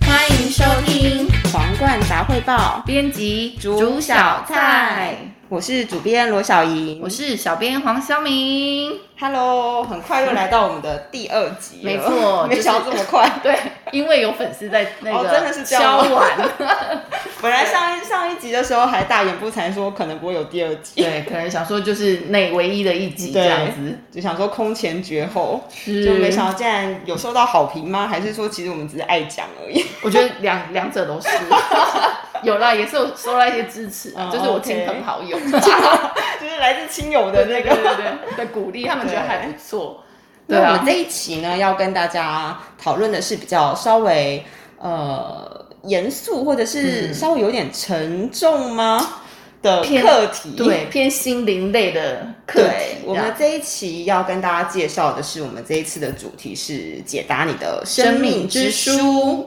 歡迎收聽《皇冠雜匯報》，編輯：煮小菜，我是主編羅小怡，我是小編黃曉明。Hello，很快又來到我們的第二集，沒錯錯，沒想到這麼快，就是、對，因為有粉絲在那個、 哦，真的是交完敲碗。 本來上一上一集的時候還大言不慚說可能不會有第二集，對，可能想說就是那唯一的一集這樣子，就想說空前絕後，是就沒想到竟然有收到好評嗎？還是說其實我們只是愛講而已？我覺得兩兩者都是， 有啦，也是我收到一些支持，哦、就是我親朋好友，對 就是來自親友的那個對對、對、對的鼓勵，他們。對我覺得還不錯。對、啊、我們這一期呢，要跟大家討論的是比較稍微呃嚴肅，或者是稍微有點沉重嗎、嗯、的課題？對，偏心靈類的課題。我們這一期要跟大家介紹的是，我們這一次的主題是解答你的生命之書。之書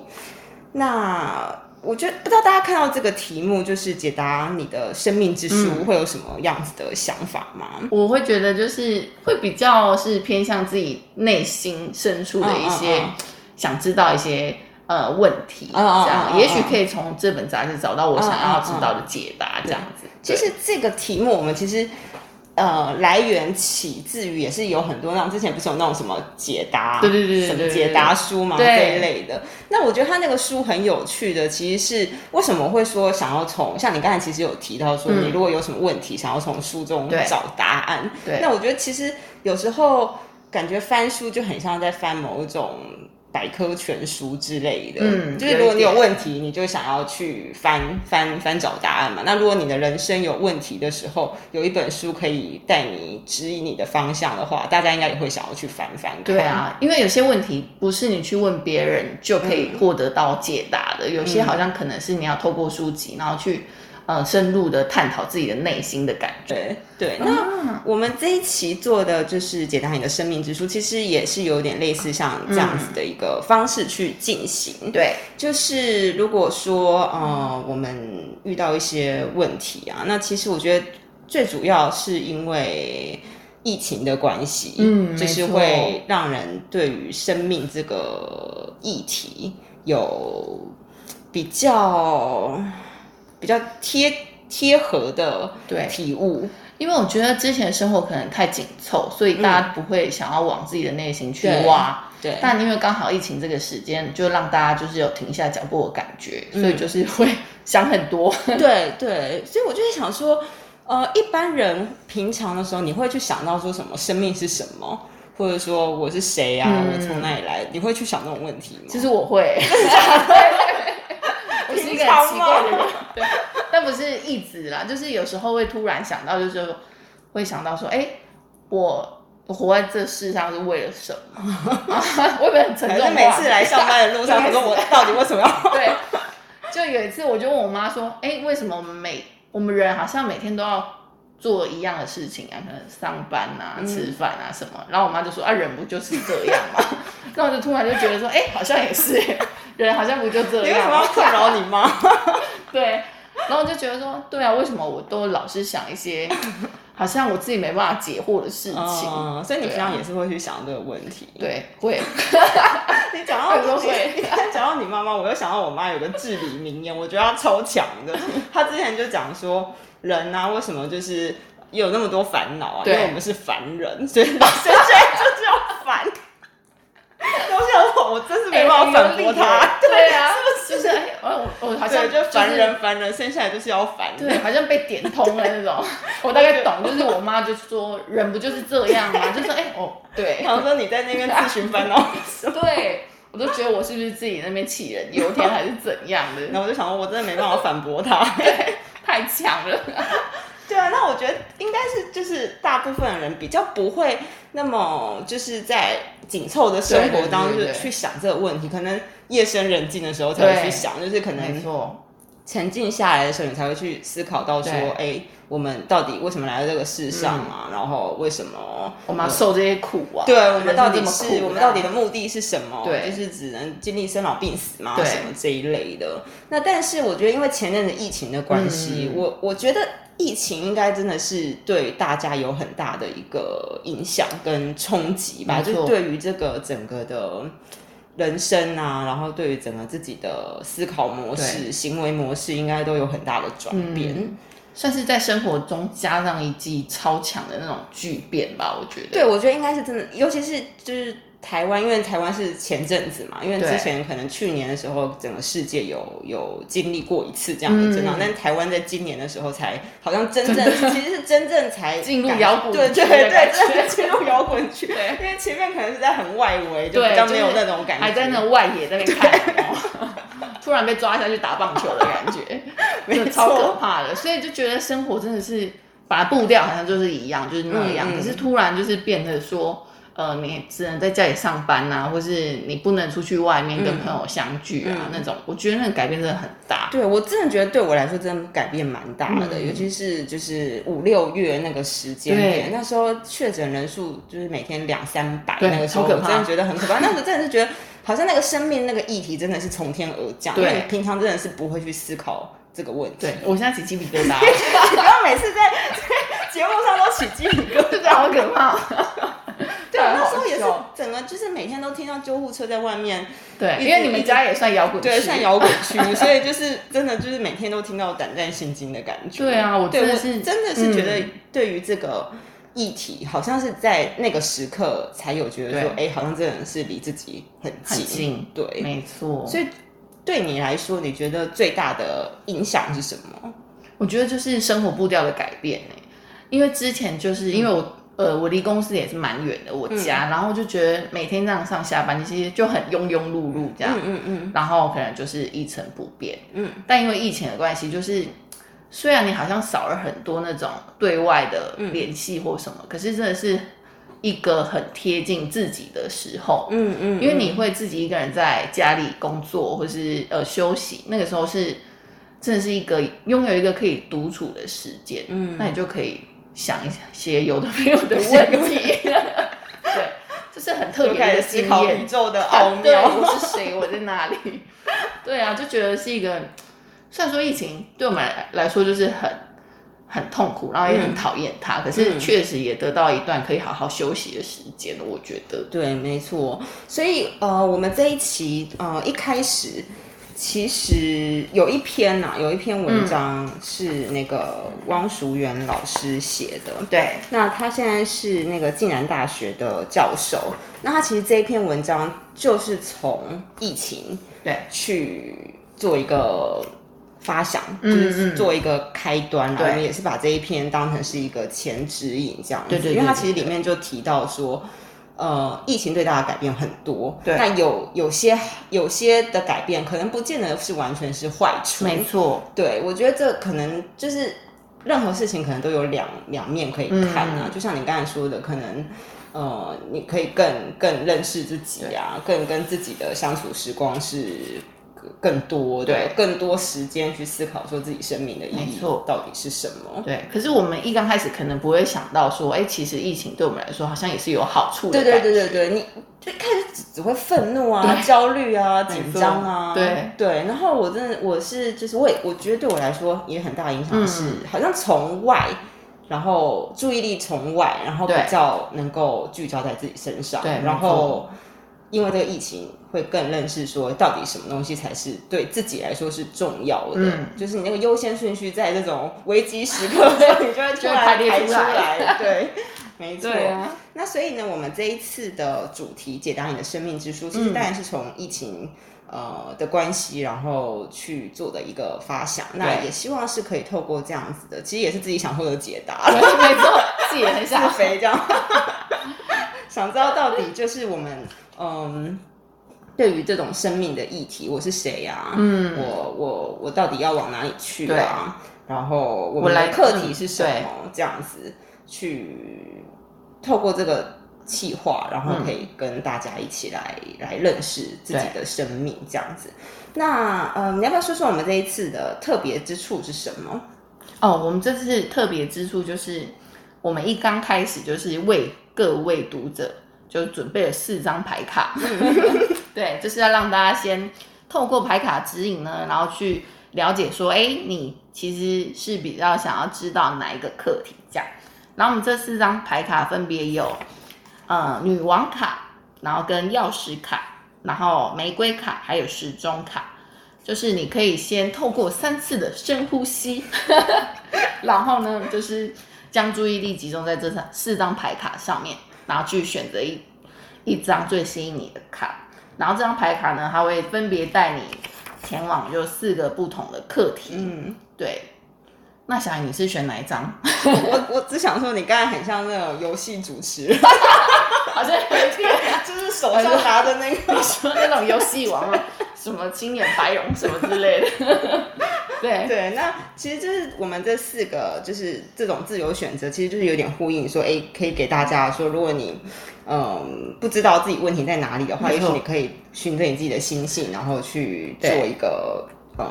那。我覺得不知道大家看到這個題目，就是解答你的生命之書，會有什麼樣子的想法嗎？嗯、我會覺得就是會比較是偏向自己內心深處的一些、嗯嗯嗯、想知道一些、嗯、呃問題，嗯、這樣、嗯嗯、也許可以從這本雜誌找到我想要知道的解答，嗯、這樣子。嗯、對其實這個題目我們其實。呃，來源起自於也是有很多那種，之前不是有那種什麼解答，對對對,對,對,對,對什麼解答書嘛對這一類的。那我覺得他那個書很有趣的，其實是為什麼會說想要從，像你剛才其實有提到說，嗯、你如果有什麼問題想要從書中找答案。那我覺得其實有時候感覺翻書就很像在翻某一種。百科全書之類的，嗯，就是如果你有問題，你就想要去翻點翻翻找答案嘛。那如果你的人生有問題的時候，有一本書可以帶你指引你的方向的話，大家應該也會想要去翻翻。對啊，因為有些問題不是你去問別人就可以獲得到解答的，嗯、有些好像可能是你要透過書籍，然後去。呃，深入的探討自己的內心的感覺。對。對，那我們這一期做的就是解答你的生命之書，其實也是有點類似像這樣子的一個方式去進行。嗯、對，就是如果說呃，嗯、我們遇到一些問題啊，那其實我覺得最主要是因為疫情的關係，嗯、就是會讓人對於生命這個議題有比較。比較貼貼合的對體悟。對，因為我覺得之前的生活可能太緊湊，所以大家不會想要往自己的內心去挖。嗯。對，對，但因為剛好疫情這個時間，就讓大家就是有停下腳步的感覺，所以就是會想很多。對對，所以我就是想說，呃，一般人平常的時候，你會去想到說什麼生命是什麼，或者說我是誰啊，我從、嗯、哪裡來？你會去想那種問題嗎？就是我會。 超奇怪？對，但不是一直啦，就是有時候會突然想到，就是會想到說，哎、欸，我我活在這世上是為了什麼？ 啊、我有點很沉重的。還是每次來上班的路上，我 說我到底為什麼要對？ 對，就有一次我就問我媽說，哎、欸，為什麼我們每我們人好像每天都要？做一樣的事情啊，可能上班啊、吃飯啊什麼，嗯、然後我媽就說：“啊，人不就是這樣嗎？” 然後我就突然就覺得說：“哎、欸，好像也是，人好像不就這樣。”你為什麼要困擾你媽？ 對，然後我就覺得說：“對啊，為什麼我都老是想一些？”好像我自己沒辦法解惑的事情，嗯、所以你平常、啊、也是會去想這個問題。對，會。 你講到我都 說會。 你講到你媽媽，我又想到我媽有個至理名言，我覺得她超強的。 她之前就講說，人啊，為什麼就是有那麼多煩惱啊？對因為我們是凡人。所以，誰誰我真是沒辦法反駁他，對啊，就是哎，我我好像就煩人煩人，生下來就是要煩人，好像被點通了那種。我大概懂，就是我媽就說人不就是這樣嗎？就說哎，哦，對，然後說你在那邊自尋煩惱，對我都覺得我是不是自己那邊杞人憂天還是怎樣的？然後我就想說，我真的沒辦法反駁他，太強了。對啊，那我覺得應該是就是大部分人比較不會那麼就是在緊湊的生活當中就去想這個問題，對對對對，可能夜深人靜的時候才會去想，對就是可能沉靜下來的時候，你才會去思考到說，哎對，我們到底為什麼來到這個世上啊？嗯、然後為什麼我們要受這些苦啊？對啊，我們到底是，啊，我們到底的目的是什麼？對就是只能經歷生老病死嘛？對，什麼這一類的。那但是我覺得，因為前陣子疫情的關係，嗯、我我覺得。疫情應該真的是對大家有很大的一個影響跟衝擊吧，嗯、就對於這個整個的人生啊，然後對於整個自己的思考模式、對行為模式，應該都有很大的轉變，嗯，算是在生活中加上一記超強的那種巨變吧。我覺得，對，我覺得應該是真的，尤其是就是。台灣，因為台灣是前陣子嘛，因為之前可能去年的時候，整個世界有有經歷過一次這樣的震盪，但台灣在今年的時候才好像真正，其實是真正才進入搖滾，對對對，真的進入搖滾圈，因為前面可能是在很外圍，就比較沒有那種感覺，還在那外野那邊看，突然被抓下去打棒球的感覺，沒錯，超可怕的，所以就覺得生活真的是，把它步調好像就是一樣，就是那樣，可是突然就是變得說。呃，你只能在家裡上班啊，或是你不能出去外面跟朋友相聚啊，嗯、那種，嗯、我覺得那個改變真的很大。對，我真的覺得對我來說，真的改變蠻大的，嗯、尤其是就是五六月那個時間點，對那時候確診人數就是每天兩三百，那個時候我，真的覺得很可怕。可怕那時候真的是覺得，好像那個生命那個議題真的是從天而降，對， 平常真的是不會去思考這個問題。對，我現在起雞皮疙瘩，然後 每次在在節目上都起雞皮疙瘩， 好可怕。就是每天都聽到救護車在外面，對，因為你們家也算搖滾區，對，算搖滾區，所以就是真的就是每天都聽到膽戰心驚的感覺。對啊，我對我真的是覺得，對於這個議題，好像是在那個時刻才有覺得說，哎，好像真的是離自己很近。對，沒錯。所以對你來說，你覺得最大的影響是什麼？我覺得就是生活步調的改變欸，因為之前就是因為我。呃，我離公司也是蠻遠的，我家，嗯、然後就覺得每天這樣上下班，你其實就很庸庸碌碌這樣，嗯嗯，嗯然後可能就是一成不變，嗯。但因為疫情的關係，就是雖然你好像少了很多那種對外的聯繫或什麼，嗯、可是真的是一個很貼近自己的時候，嗯嗯，嗯嗯因為你會自己一個人在家裡工作或是呃休息，那個時候是真的是一個擁有一個可以獨處的時間，嗯，那你就可以。想一些有的沒有的問題，起 對， 這是很特別的經驗。宇宙的奧妙，啊啊，我是誰？我在哪裡？ 對啊，就覺得是一個。 雖然說疫情對我們來說就是很很痛苦，然後也很討厭它，嗯、可是確實也得到一段可以好好休息的時間，嗯、我覺得，對，沒錯。所以呃，我們這一期呃一開始。其實有一篇吶、啊，有一篇文章是那個汪淑媛老師寫的。嗯、對，那他現在是那個暨南大學的教授。那他其實這一篇文章就是從疫情對去做一個發想，嗯嗯，就是做一個開端。對，我們也是把這一篇當成是一個前指引這樣子。對，對對對，因為他其實裡面就提到說。呃，疫情對大家改變很多，但對有有些有些的改變，可能不見得是完全是壞處，沒錯錯。對，我覺得這可能就是任何事情可能都有兩兩面可以看啊，嗯、就像你剛才說的，可能呃，你可以更更認識自己啊，對更跟自己的相處時光是。更多，對，對，更多時間去思考說自己生命的意義，沒錯，到底是什麼？對，可是我們一剛開始可能不會想到說，哎，其實疫情對我們來說好像也是有好處的。對，對對對對對，你就開始只會憤怒啊、對，焦慮啊、緊張啊。緊張，對。對，然後我真的，我是就是我也，我覺得對我來說也很大影響是，嗯，好像從外，然後注意力從外，然後比較能夠聚焦在自己身上，對，然後。對然後因為這個疫情會更認識說，到底什麼東西才是對自己來說是重要的，嗯、就是你那個優先順序，在這種危機時刻，你就會突然排出，出來，出來，對， 對啊、沒錯。啊、那所以呢，我們這一次的主題解答你的生命之書，其實當然是從疫情、嗯、呃的關係，然後去做的一個發想。對那也希望是可以透過這樣子的，其實也是自己想獲得解答，對，沒錯， 自己也很想飛這樣， 想知道到底就是我們。嗯，對於這種生命的議題，我是誰呀、啊？嗯，我我我到底要往哪裡去啊？對然後我們的課題是什麼？嗯、這樣子去透過這個企劃，然後可以跟大家一起來、嗯、來認識自己的生命。對這樣子，那嗯，你要不要說說我們這一次的特別之處是什麼？哦，我們這次特別之處就是我們一剛開始就是為各位讀者。就準備了四張牌卡，嗯嗯 對，就是要讓大家先透過牌卡指引呢，然後去了解說，哎、欸，你其實是比較想要知道哪一個課題？這樣，然後我們這四張牌卡分別有，呃，女王卡，然後跟鑰匙卡，然後玫瑰卡，還有時鐘卡，就是你可以先透過三次的深呼吸， 然後呢，就是將注意力集中在這三四張牌卡上面。然後去選擇一一張最吸引你的卡，然後這張牌卡呢，它會分別帶你前往就四個不同的課題。嗯，對。那小雨你是選哪一張？ 我我只想說，你剛才很像那種遊戲主持人，好像就是手上拿的那個， 說那種遊戲王 什麼青眼白龍什麼之類的。 對對，那其實就是我們這四個，就是這種自由選擇，其實就是有點呼應說，說哎，可以給大家說，如果你嗯不知道自己問題在哪裡的話，錯也許你可以循着你自己的心性，然後去做一個呃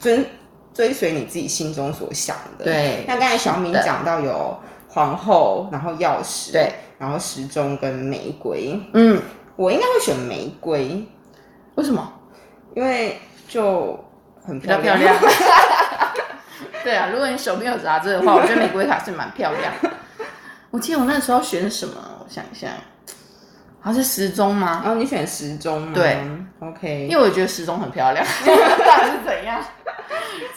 追對、嗯、追隨你自己心中所想的。對，那剛才小敏講到有皇後，然後鑰匙，對，然後時鐘跟玫瑰。嗯，我應該會選玫瑰，為什麼？因為就。很漂亮，漂亮 對啊，如果你手邊有雜誌的話，我覺得玫瑰卡是蠻漂亮的。 我記得我那時候選什麼？我想一下，還、啊、是時鐘嗎？哦，你選時鐘，對，OK。因為我覺得時鐘很漂亮， 到底是怎樣？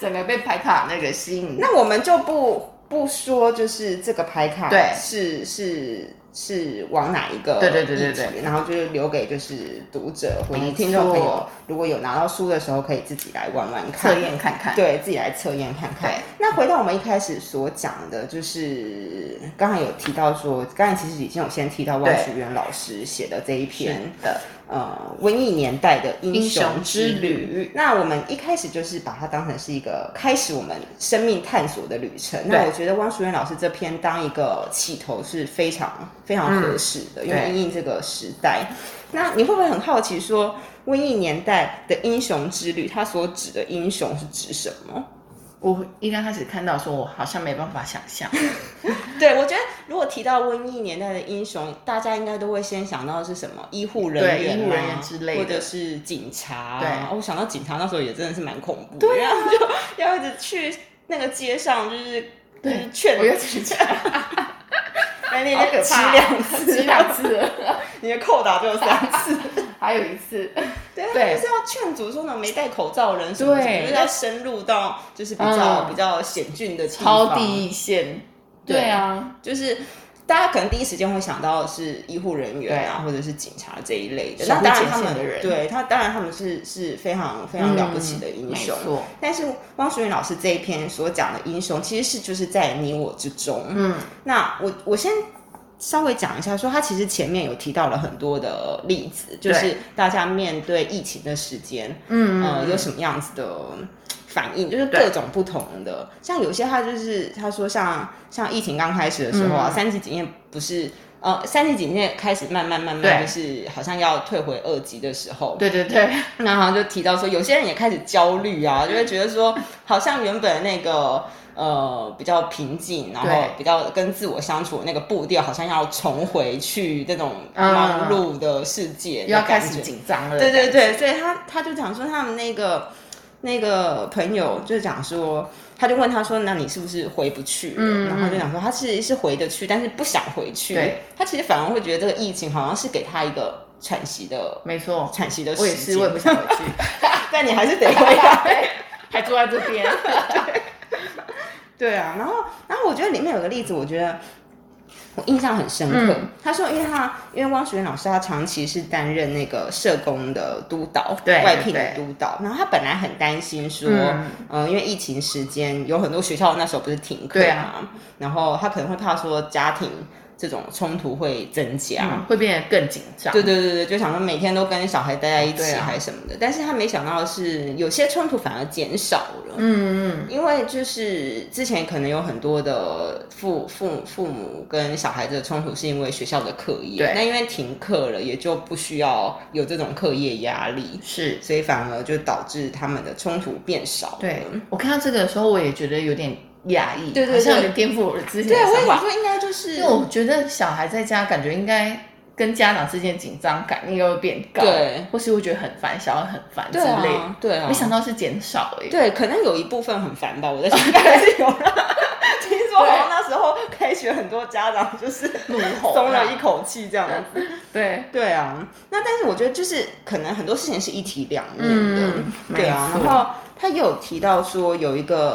整個被牌卡那個吸引，那我們就不不說，就是這個牌卡，對，是是。是是往哪一個一？對對對對對。然後就是留給就是讀者或者聽眾朋友，如果有拿到書的時候，可以自己來玩玩看。測驗看看，對，自己來測驗看看。對那回到我們一開始所講的，就是剛才有提到說，剛才其實已經有先提到汪淑媛老師寫的這一篇的呃，瘟疫年代的英雄之旅。之旅那我們一開始就是把它當成是一個開始我們生命探索的旅程。對那我覺得汪淑媛老師這篇當一個起頭是非常。非常合適的，嗯、因為因應這個時代，對那你會不會很好奇說，瘟疫年代的英雄之旅，它所指的英雄是指什麼？我一剛開始看到說，我好像沒辦法想象 對，我覺得如果提到瘟疫年代的英雄，大家應該都會先想到是什麼？醫護人員、啊、醫護人員之類的，或者是警察、啊。對、哦，我想到警察那時候也真的是蠻恐怖的，對、啊，這樣就要一直去那個街上，就是對就是勸我要去查。 哎，你個、哦、吃兩次，兩次，你的扣打只有三次， 還有一次，對，他不對是要勸阻說那沒戴口罩人什，麼，什麼，對就是要深入到就是比較、嗯、比較險峻的超低一線，對，對啊，就是。大家可能第一時間會想到的是醫護人員啊，對或者是警察這一類的。那當然他們對他當然他們是是非常非常了不起的英雄。嗯，但是汪錯淑云老師這一篇所講的英雄，其實是就是在你我之中。嗯，那我我先稍微講一下說，說他其實前面有提到了很多的例子，就是大家面對疫情的時間，嗯，呃，有什麼樣子的。反應就是各種不同的，對像有些他就是他說像像疫情剛開始的時候啊，三級警戒不是呃三級警戒開始慢慢慢慢就是好像要退回二級的時候，對，對對對，然後就提到說有些人也開始焦慮啊，就會、是、覺得說好像原本那個呃比較平靜，然後比較跟自我相處那個步調好像要重回去那種忙碌的世界的，嗯嗯嗯嗯、要開始緊張了，對對對，所以他他就講說他們那個。那個朋友就講說，他就問他說：“那你是不是回不去了？”嗯嗯，然後就講說：“他是是回得去，但是不想回去。對”他其實反而會覺得這個疫情好像是給他一個喘息的，沒錯錯，喘息的時間。我也是，我也不想回去， 但你還是得回來， 還住在這邊。 對啊，然後然後我覺得裡面有個例子，我覺得。我印象很深刻，嗯、他說因為他，因為他因為汪雪雲老師，他長期是擔任那個社工的督導，對對對，外聘的的督導。然後他本來很擔心說，嗯、呃，因為疫情時間有很多學校那時候不是停課嘛，啊，啊、然後他可能會怕說家庭。這種衝突會增加，嗯、會變得更緊張。對對對對，就想說每天都跟小孩待在一起，還什麼的。啊、但是他沒想到的是有些衝突反而減少了。嗯，嗯嗯。因為就是之前可能有很多的父父父母跟小孩子的衝突，是因為學校的課業。對。那因為停課了，也就不需要有這種課業壓力，是，所以反而就導致他們的衝突變少了。對。我看到這個的時候，我也覺得有點。壓抑，對對，好像有點顛覆我之前的想法。對，我感覺應該就是，因為我覺得小孩在家感覺應該跟家長之間緊張感應該會變高，對，或是會覺得很煩，小孩很煩之類，對啊，沒想到是減少誒。對，可能有一部分很煩吧，我在想，應該是有。聽說好像那時候開學很多家長就是鬆了一口氣這樣子，對對啊。那但是我覺得就是可能很多事情是一體兩面的，對啊，然後。他有提到說，有一個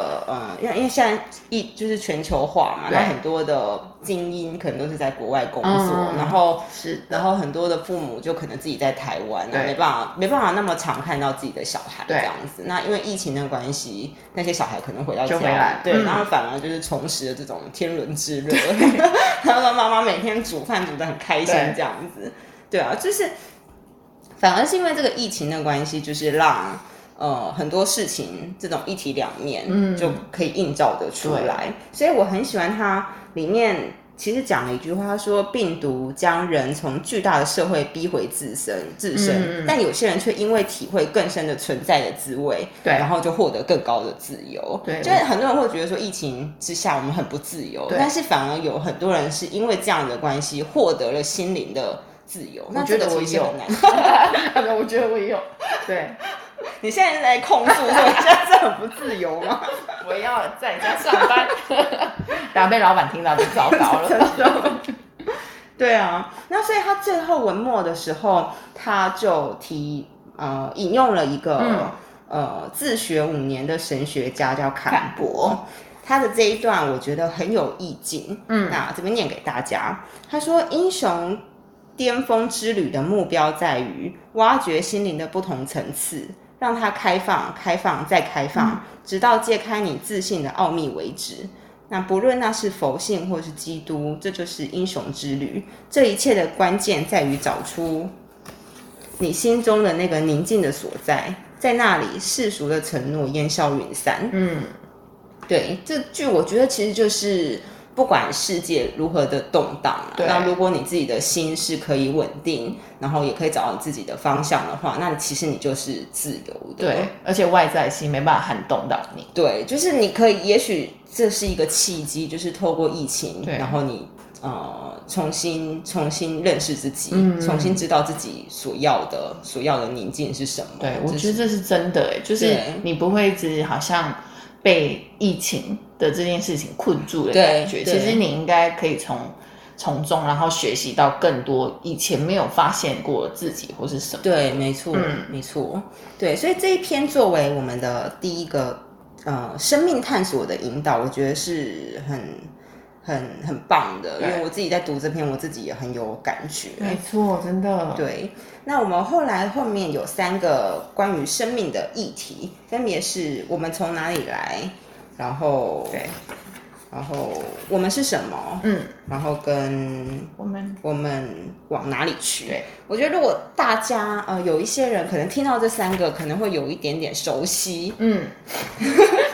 因、呃、因為現在一就是全球化嘛，那對很多的精英可能都是在國外工作，嗯嗯，然後是的然後很多的父母就可能自己在台灣，對，沒辦法對沒辦法那麼常看到自己的小孩，對這樣子。那因為疫情的關係，那些小孩可能回到家回對，嗯、然後反而就是重拾了這種天倫之樂。對然後媽媽每天煮飯煮得很開心，這樣子。對，對啊，就是反而是因為這個疫情的關係，就是讓。呃，很多事情這種一體兩面，嗯，就可以映照得出來。對所以我很喜歡它裡面其實講了一句話，他說：“病毒將人從巨大的社會逼回自身，自身，嗯、但有些人卻因為體會更深的存在的滋味，對，然後就獲得更高的自由。對，就是很多人會覺得說疫情之下我們很不自由，對但是反而有很多人是因為這樣的關係獲得了心靈的自由。我覺得我也有， 我覺得我也有，對。”你現在是在控訴說，現在 很不自由嗎？我要在家上班，然後 被老闆聽到就糟糕了。 對啊，那所以他最後文末的時候，他就提呃引用了一個、嗯、呃自學五年的神學家叫坎伯、嗯，他的這一段我覺得很有意境。嗯，那這邊念給大家。他說：“英雄巔峰之旅的目標在於挖掘心靈的不同層次。”讓它開放，開放再開放，直到揭開你自信的奧秘為止。嗯，那不論那是佛性或是基督，這就是英雄之旅。這一切的關鍵在於找出你心中的那個寧靜的所在，在那裡，世俗的承諾煙消雲散。嗯，對，這句我覺得其實就是。不管世界如何的動盪那、啊、對如果你自己的心是可以穩定，然後也可以找到自己的方向的話，那其實你就是自由的。對，對，而且外在心沒辦法撼動到你。對，就是你可以，也許這是一個契機，就是透過疫情，對然後你呃重新重新認識自己，嗯、重新知道自己所要的所要的寧靜是什麼。對，就是、我覺得這是真的、欸，哎，就是你不會只好像。被疫情的這件事情困住了，對，其實你應該可以從從中，然後學習到更多以前沒有發現過自己或是什麼。對，沒錯，嗯、沒錯，對。所以這一篇作為我們的第一個對、呃、生命探索的引導，我覺得是很很很棒的，因為我自己在讀這篇，對我自己也很有感覺。沒錯，真的。對，那我們後來後面有三個關於生命的議題，分別是我們從哪裡來，然後對。然後我們是什麼？嗯，然後跟我們我們往哪裡去？對我覺得如果大家呃有一些人可能聽到這三個，可能會有一點點熟悉。嗯，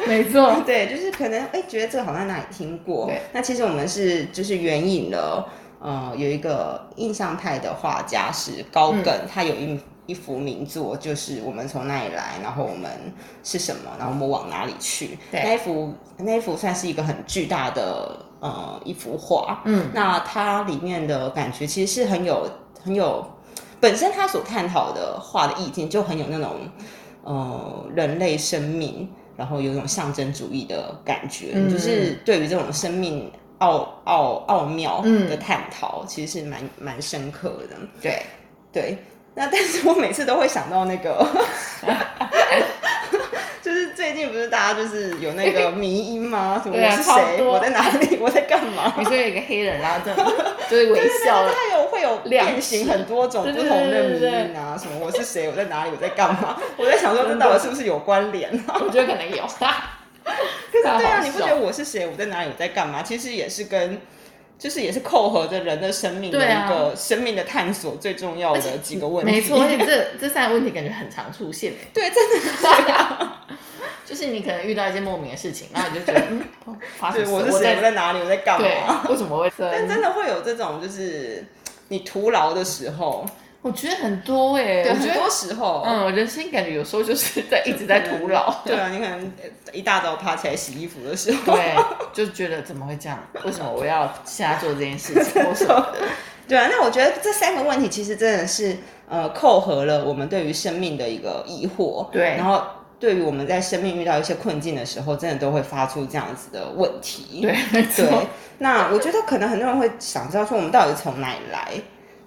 沒錯， 對，就是可能哎、欸、覺得這個好像哪裡聽過。對那其實我們是就是援引了呃有一個印象派的畫家是高更，嗯、他有一。一幅名作，就是我們從哪裡來，然後我們是什麼，然後我們往哪裡去。嗯、對那一幅那一幅算是一個很巨大的呃一幅畫，嗯，那它裡面的感覺其實是很有很有本身他所探討的畫的意境，就很有那種呃人類生命，然後有一種象徵主義的感覺，嗯、就是對於這種生命奧奧奧妙的探討，嗯、其實是蠻蠻深刻的。對對。那但是我每次都會想到那個，就是最近不是大家就是有那個迷因嗎？什麼我是誰？我在哪裡？我在幹嘛？你說在有個黑人啦，就是微笑，他有會有變形，很多種不同的迷因啊，什麼我是誰？我在哪裡？我在幹嘛？我在想說，這到底是不是有關聯呢？我覺得可能有。可是對啊，你不覺得我是誰？我在哪裡？我在幹嘛？其實也是跟。就是也是扣合着人的生命的一個生命的探索最重要的、啊、且幾個問題，沒錯。而且這這三個問題感覺很常出現。對，真的是這樣。 就是你可能遇到一件莫名的事情， 然後你就覺得發生、哦，我是誰？我我在，我在哪裡？我在幹嘛？為什麼會這樣？但真的會有這種就是你徒勞的時候。我覺得很多哎，很多時候，嗯，人生感覺有時候就是在一直在徒勞。對啊，你可能一大早爬起來洗衣服的時候， 對就覺得怎麼會這樣？為什麼我要瞎做這件事情？為 對什麼對？對啊，那我覺得這三個問題其實真的是呃，扣合了我們對於生命的一個疑惑。對。然後，對於我們在生命遇到一些困境的時候，真的都會發出這樣子的問題。對。對，對，對，對。那我覺得可能很多人會想知道說，我們到底從哪裡來？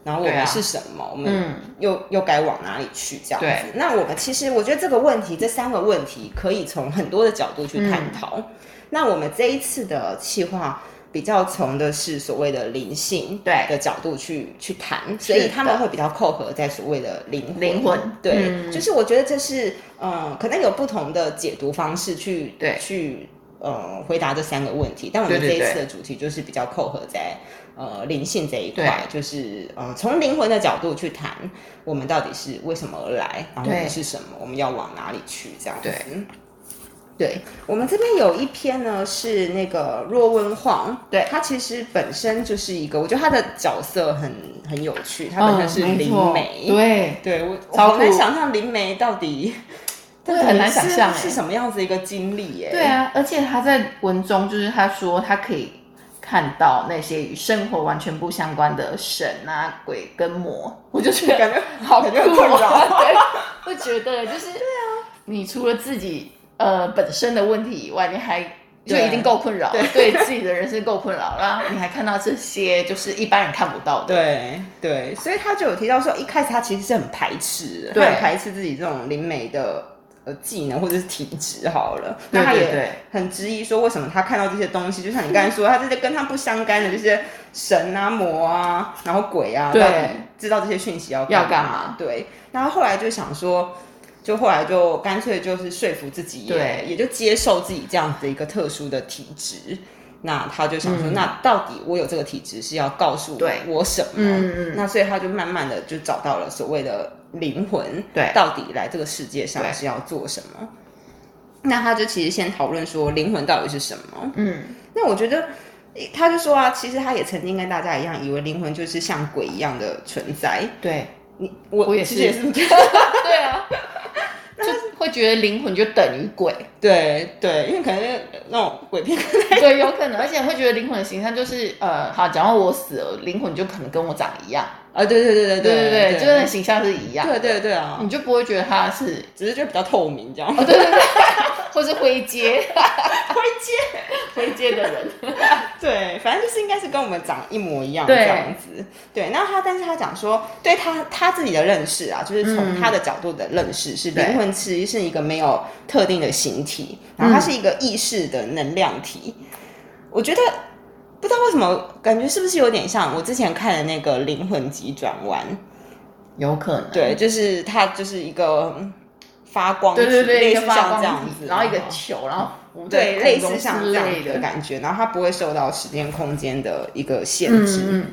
然後我們是什麼？啊嗯、我們又又該往哪裡去？這樣子。對那我們其實，我覺得這個問題，這三個問題可以從很多的角度去探討。嗯、那我們這一次的企劃比較從的是所謂的靈性對的角度去對去談，所以他們會比較扣合在所謂的靈靈魂。的對，就是我覺得這是嗯、呃，可能有不同的解讀方式去對去呃回答這三個問題。但我們得這一次的主題就是比較扣合在。呃，靈性這一塊，對就是呃，從靈魂的角度去談，我們到底是為什麼而來，對然後我們是什麼，我們要往哪裡去，這樣子。對，對我們這邊有一篇呢，是那個若文煌，對他其實本身就是一個，我覺得他的角色很很有趣，他本身是靈媒，嗯、對，對苦我很難想象靈媒到底，真的很難想象、欸、是，是什麼樣子一個經歷、欸、對啊，而且他在文中就是他說他可以。看到那些與生活完全不相關的神啊、鬼跟魔，我就覺得、喔、感覺好困擾， 我覺得就是對啊。你除了自己呃本身的問題以外，你還就已經夠困擾，對，對，對自己的人生夠困擾啦， 你還看到這些就是一般人看不到的。對對，所以他就有提到說，一開始他其實是很排斥，對很排斥自己這種靈媒的。呃，技能或者是體質好了，那他也很質疑說，為什麼他看到這些東西？就像你剛才說，他這些跟他不相干的這些神啊、魔啊，然後鬼啊，對到底知道這些訊息要要幹嘛？對。那他後來就想說，就後來就乾脆就是說服自己，對也就接受自己這樣子的一個特殊的體質。那他就想說，嗯、那到底我有這個體質是要告訴我什麼？嗯嗯，那所以他就慢慢的就找到了所謂的靈魂對，到底來這個世界上對是要做什麼？對那他就其實先討論說靈魂到底是什麼。嗯，那我覺得，他就說啊，其實他也曾經跟大家一樣，以為靈魂就是像鬼一樣的存在。對你，我我也是，也是這樣 對啊， 那他就會覺得靈魂就等於鬼。對對，因為可能那種鬼片， 對，有可能， 而且會覺得靈魂的形象就是呃，好，假如我死了，靈魂就可能跟我長一樣。啊，對對對對對對就是形象是一樣。對對對啊，你就不會覺得他是，只是覺得比較透明這樣子。對對對，或是灰階、灰階，灰階的人。對，反正就是應該是跟我們長一模一樣這樣子。對，那他，但是他講說，對他他自己的認識啊，就是從他的角度的認識，是靈魂其實是一個沒有特定的形體，然後他是一個意識的能量體。我覺得。不知道為什麼，感覺是不是有點像我之前看的那個集《靈魂急轉彎》？有可能，對，就是它就是一個發光子，的，對發光這樣子，然後一個球，然後對，對類，類似像這樣的感覺，然後它不會受到時間空間的一個限制。嗯。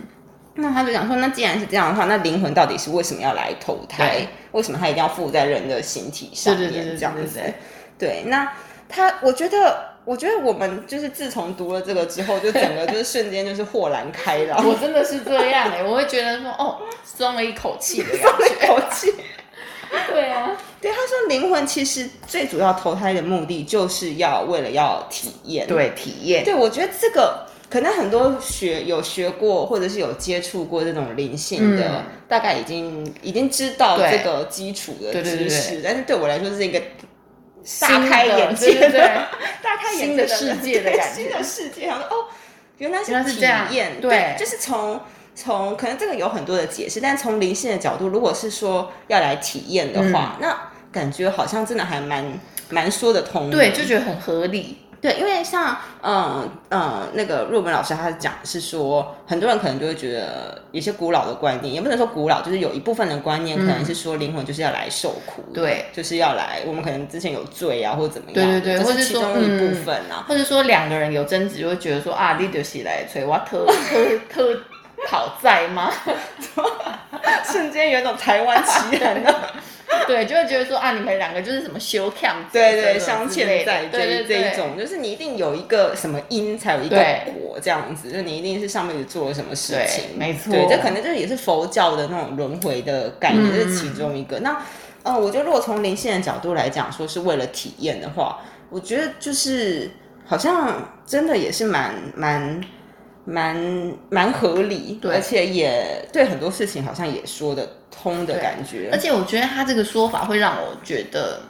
那他就講說，那既然是這樣的話，那靈魂到底是為什麼要來投胎？對為什麼它一定要附在人的形體上面？這樣子對，那他，我覺得。我覺得我們就是自從讀了這個之後，就整個就是瞬間就是豁然開朗。 我真的是這樣哎、欸，我會覺得說哦，鬆了一口氣，鬆 了一口氣。 對啊，對，他說靈魂其實最主要投胎的目的就是要為了要體驗，對，體驗。對，我覺得這個可能很多學有學過或者是有接觸過這種靈性的，嗯、大概已經已經知道這個基礎的知識，對對對對對，但是對我來說是一個。大開眼界的，對對對，大開眼界的新的世界的感覺，新的世界，哦，原來是體驗，這樣對，對，就是從從可能這個有很多的解釋，但從靈性的角度，如果是說要來體驗的話，嗯、那感覺好像真的還蠻蠻說得通，對，就覺得很合理。對，因為像嗯嗯那個入門老師他講是說，很多人可能就會覺得有些古老的觀念，也不能說古老，就是有一部分的觀念可能是說靈魂就是要來受苦，對、嗯，就是要來，我們可能之前有罪啊，或者怎麼樣，對對對，或是其中一部分啊，或者說兩、嗯、個人有爭執，就會覺得說啊，你就是來催我特 特特討債嗎？什麼？瞬間有一種台灣奇人的。 對，就會覺得說啊，你們兩個就是什麼修 k 對，對對，鑲嵌在這一對對對這一種，就是你一定有一個什麼因，才有一個果這樣子，對就你一定是上面有做了什麼事情，對沒錯，這可能就是也是佛教的那種輪迴的概念，嗯、這是其中一個。那呃，我覺得如果從靈性的角度來講，說是為了體驗的話，我覺得就是好像真的也是蠻蠻，蠻蠻蠻合理，對而且也對很多事情好像也說得通的感覺。而且我覺得他這個說法會讓我覺得，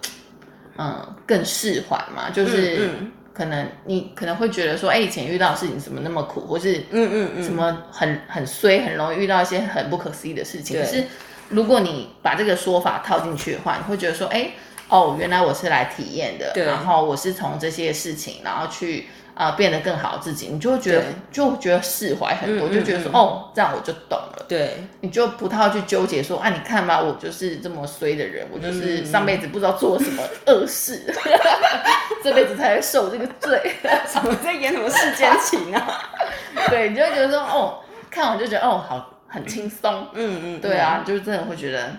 嗯、呃，更釋懷嘛，就是嗯嗯可能你可能會覺得說，哎、欸，以前遇到的事情怎麼那麼苦，或是嗯嗯嗯，怎麼很很衰，很容易遇到一些很不可思議的事情。對可是如果你把這個說法套進去的話，你會覺得說，哎、欸，哦，原來我是來體驗的，對然後我是從這些事情，然後去。啊，變得更好自己，你就會覺得就覺得釋懷很多，就覺得說哦，這樣我就懂了。對，你就不太去糾結說，啊，你看吧，我就是這麼衰的人，我就是上輩子不知道做什麼惡事，這輩子才會受這個罪，什麼在演什麼世間情啊！對，你就會覺得說哦，看完就覺得哦，好很輕鬆。嗯嗯，對啊，就是真的會覺得，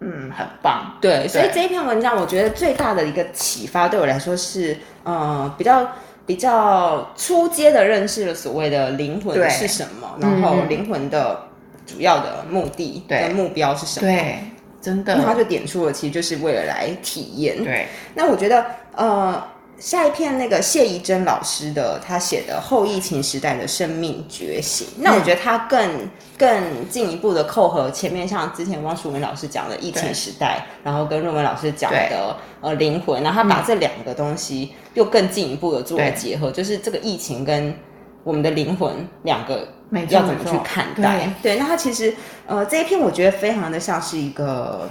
嗯，很棒。對，所以這一篇文章我覺得最大的一個啟發對我來說是，嗯，比較。比較初階的認識了所謂的靈魂是什麼，對然後靈魂的主要的目的跟目標是什麼？對，對，真的，然後就點出了，其實就是為了來體驗。對，那我覺得，呃。下一篇那個謝宜珍老師的他寫的後疫情時代的生命覺醒，嗯、那我覺得他更更進一步的扣合前面像之前汪淑文老師講的疫情時代，對然後跟論文老師講的對呃靈魂，然後他把這兩個東西又更進一步的做了結合，對就是這個疫情跟我們的靈魂兩個要怎麼去看待？對，對，那他其實呃這一篇我覺得非常的像是一個，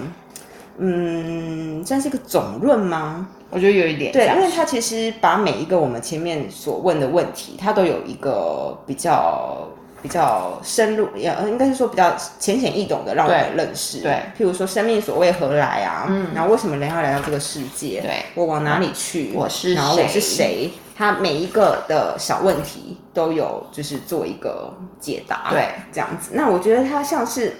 嗯，算是一個總論嗎？我覺得有一點對，因為他其實把每一個我們前面所問的問題，他都有一個比較比較深入，要應該是說比較淺顯易懂的，讓我們認識。對，對譬如說生命所為何來啊，嗯、然後為什麼人要來到這個世界？對，我往哪裡去？嗯、我是誰？然後我是誰？他每一個的小問題都有就是做一個解答。對，這樣子。那我覺得他像是，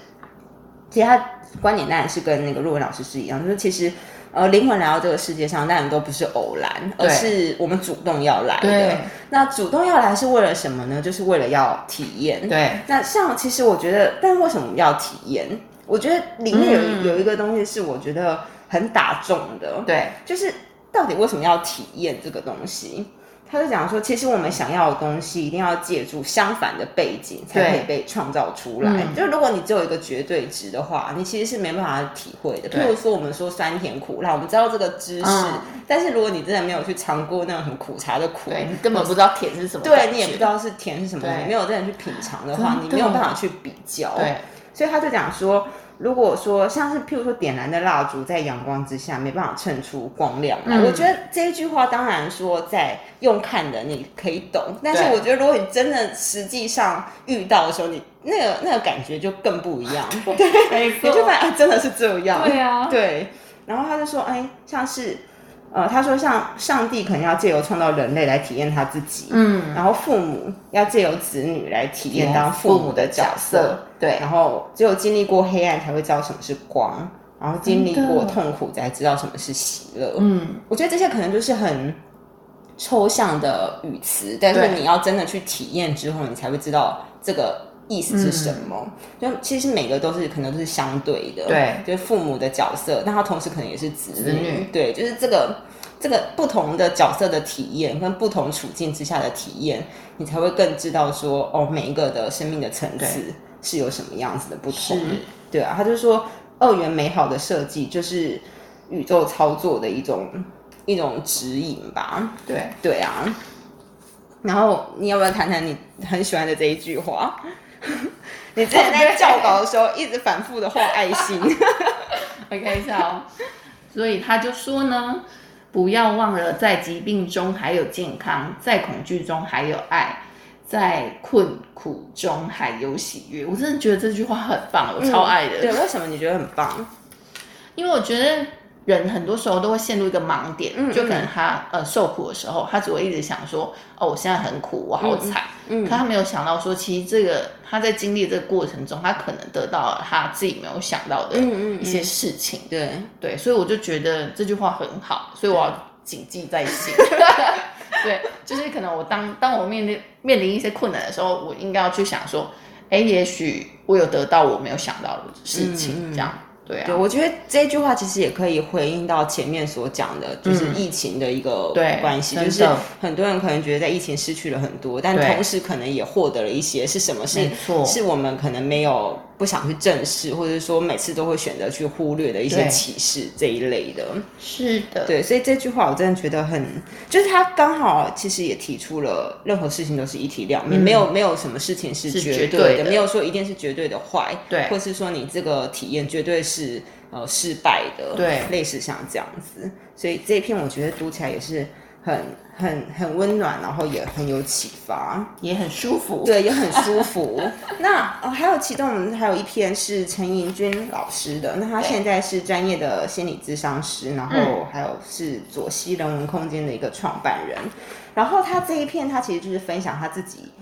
其實他觀點當然是跟那個陸文老師是一樣，就是其實。呃，靈魂來到這個世界上，當然都不是偶然，而是我們主動要來的。對那主動要來是為了什麼呢？就是為了要體驗。對，那像其實我覺得，但為什麼要體驗？我覺得裡面有、嗯、有一個東西是我覺得很打中的，對，就是到底為什麼要體驗這個東西？他就講說，其實我們想要的東西，一定要借助相反的背景才可以被創造出來。嗯、就是如果你只有一個絕對值的話，你其實是沒辦法體會的。對譬如說，我們說酸甜苦辣，我們知道這個知識，嗯、但是如果你真的沒有去嘗過那種苦茶的苦，你根本不知道甜是什麼。對，你也不知道是甜是什麼，對你沒有真的去品嘗的話，嗯、你沒有辦法去比較。對所以他就講說。如果說像是譬如說，點燃的蠟燭在陽光之下沒辦法襯出光亮。啊、嗯、我覺得這一句話當然說，在用看的你可以懂，但是我覺得如果你真的實際上遇到的時候，對你那個那個感覺就更不一樣，對，錯你就發現，啊、真的是這樣，對啊。對。然後他就說，哎，像是。呃，他說，像上帝可能要借由創造人類來體驗他自己，嗯，然後父母要借由子女來體驗當父母的角色，角色，對，然後只有經歷過黑暗才會知道什麼是光，然後經歷過痛苦才知道什麼是喜樂，嗯，我覺得這些可能就是很抽象的語詞，但是你要真的去體驗之後，你才會知道這個。意思是什麼？嗯，就其實每個都是可能都是相對的，對，就是父母的角色，但他同時可能也是子、子女，對，就是這個這個不同的角色的體驗，跟不同處境之下的體驗，你才會更知道說，哦，每一個的生命的層次是有什麼樣子的不同，對，是，對啊，他就說二元美好的設計就是宇宙操作的一種一種指引吧，對對啊，然後你要不要談談你很喜歡的這一句話？ 你之前那在校稿的時候， 一直反覆的畫愛心，好搞笑。Okay, so. 所以他就說呢：“不要忘了，在疾病中還有健康，在恐懼中還有愛，在困苦中還有喜悅。”我真的覺得這句話很棒，我超愛的。嗯、對，為什麼你覺得很棒？ 因為我覺得。人很多時候都會陷入一個盲點，嗯、就可能他、嗯、呃受苦的時候，他只會一直想說，哦，我現在很苦，我好慘，嗯嗯、可他沒有想到說，其實這個他在經歷這個過程中，他可能得到了他自己沒有想到的一些事情，嗯嗯嗯、對對，所以我就覺得這句話很好，所以我要謹記在心。對， 對，就是可能我當當我面臨面臨一些困難的時候，我應該要去想說，哎，也許我有得到我沒有想到的事情，嗯、這樣。對，啊、對，我覺得這句話其實也可以回應到前面所講的，就是疫情的一個關係，嗯、就是很多人可能覺得在疫情失去了很多，但同時可能也獲得了一些，是什麼？是錯是我們可能沒有。不想去正視，或者是說每次都會選擇去忽略的一些啟示。這一類的，是的對，對，所以這句話我真的覺得很，就是他剛好其實也提出了，任何事情都是一體兩面，嗯、沒有沒有什麼事情是絕對的，對的沒有說一定是絕對的壞，對，或是說你這個體驗絕對是呃失敗的，對，類似像這樣子，所以這一篇我覺得讀起來也是很。很很溫暖，然後也很有啟發，也很舒服。對，也很舒服。 那哦、呃，還有其中還有一篇是陳盈君老師的，那他現在是專業的心理諮商師，然後還有是左西人文空間的一個創辦人。嗯、然後他這一篇，他其實就是分享他自己，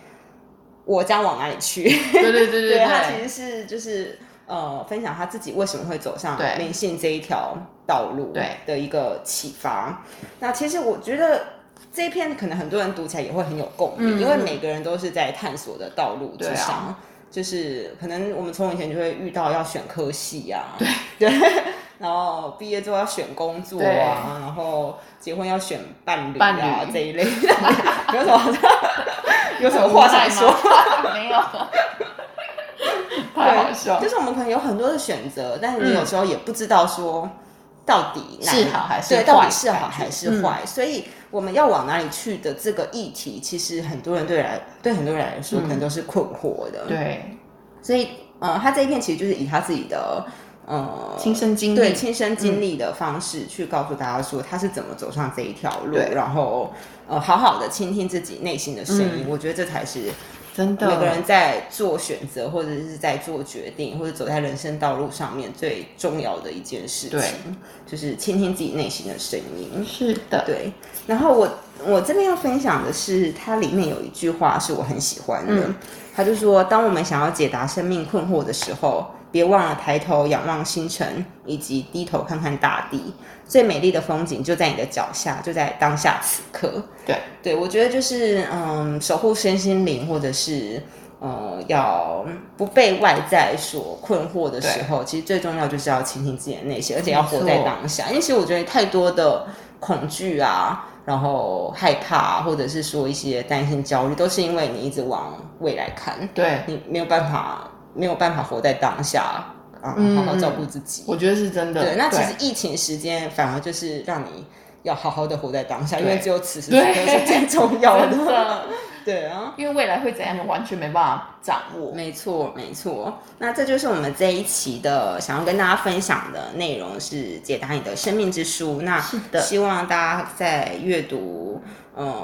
我將往哪裡去？ 對，對，對對對對，對他其實是就是呃，分享他自己為什麼會走上靈性對這一條道路的一個啟發。對那其實我覺得。這一篇可能很多人讀起來也會很有共鳴，因為每個人都是在探索的道路之上。對啊，就是可能我們從以前就會遇到要選科系啊，對對，然後畢業之後要選工作啊，然後結婚要選伴侶啊，這一類的。有什麼？有什麼話想說？沒有，太好笑。就是我們可能有很多的選擇，但是你有時候也不知道說到底是好還是壞，對，到底是好還是壞，所以。我們要往哪裡去的這個議題，其實很多人對來對很多人來說，可能都是困惑的。嗯、對，所以，呃，他這一片其實就是以他自己的，呃，親身經歷，對親身經歷的方式去告訴大家說，他是怎麼走上這一條路，對然後，呃，好好的傾聽自己內心的聲音，嗯、我覺得這才是每個人在做選擇，或者是在做決定，或者走在人生道路上面最重要的一件事情，對就是傾聽自己內心的聲音。是的，對。然後我我這邊要分享的是，它裡面有一句話是我很喜歡的，他、嗯、就說：當我們想要解答生命困惑的時候。別忘了抬頭仰望星辰，以及低頭看看大地。最美麗的風景就在你的腳下，就在當下此刻。對對，我覺得就是嗯，守護身心靈，或者是呃、嗯，要不被外在所困惑的時候，對其實最重要就是要傾聽自己的內心，而且要活在當下。錯因為其實我覺得太多的恐懼啊，然後害怕、啊，或者是說一些擔心、焦慮，都是因為你一直往未來看。對，對，你沒有辦法。沒有辦法活在當下、啊、嗯好好照顧自己，我覺得是真的。對，對那其實疫情時間反而就是讓你要好好的活在當下，對因為只有此時此刻是最重要的。對,的對啊，因為未來會怎樣的完全沒辦法掌握。沒錯，沒錯。那這就是我們這一期的想要跟大家分享的內容，是解答你的生命之書。那是的希望大家在閱讀，嗯，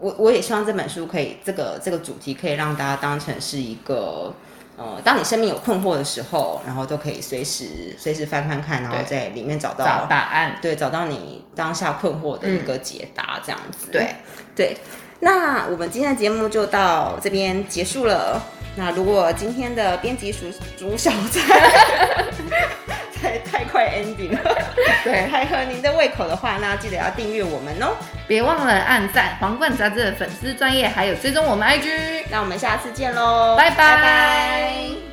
我我也希望這本書可以，這個這個主題可以讓大家當成是一個。呃、嗯，當你生命有困惑的時候，然後就可以隨時隨時翻翻看，然後在裡面找到答案，對，找到你當下困惑的一個解答，這樣子。嗯、對對，那我們今天的節目就到這邊結束了。那如果今天的編輯組組小菜。 太快 ending 了，對，還合您的胃口的話，那記得要訂閱我們哦、喔，別忘了按讚，皇冠雜誌的粉絲專頁，還有追蹤我們 IG，那我們下次見嘍，拜拜 bye。Bye bye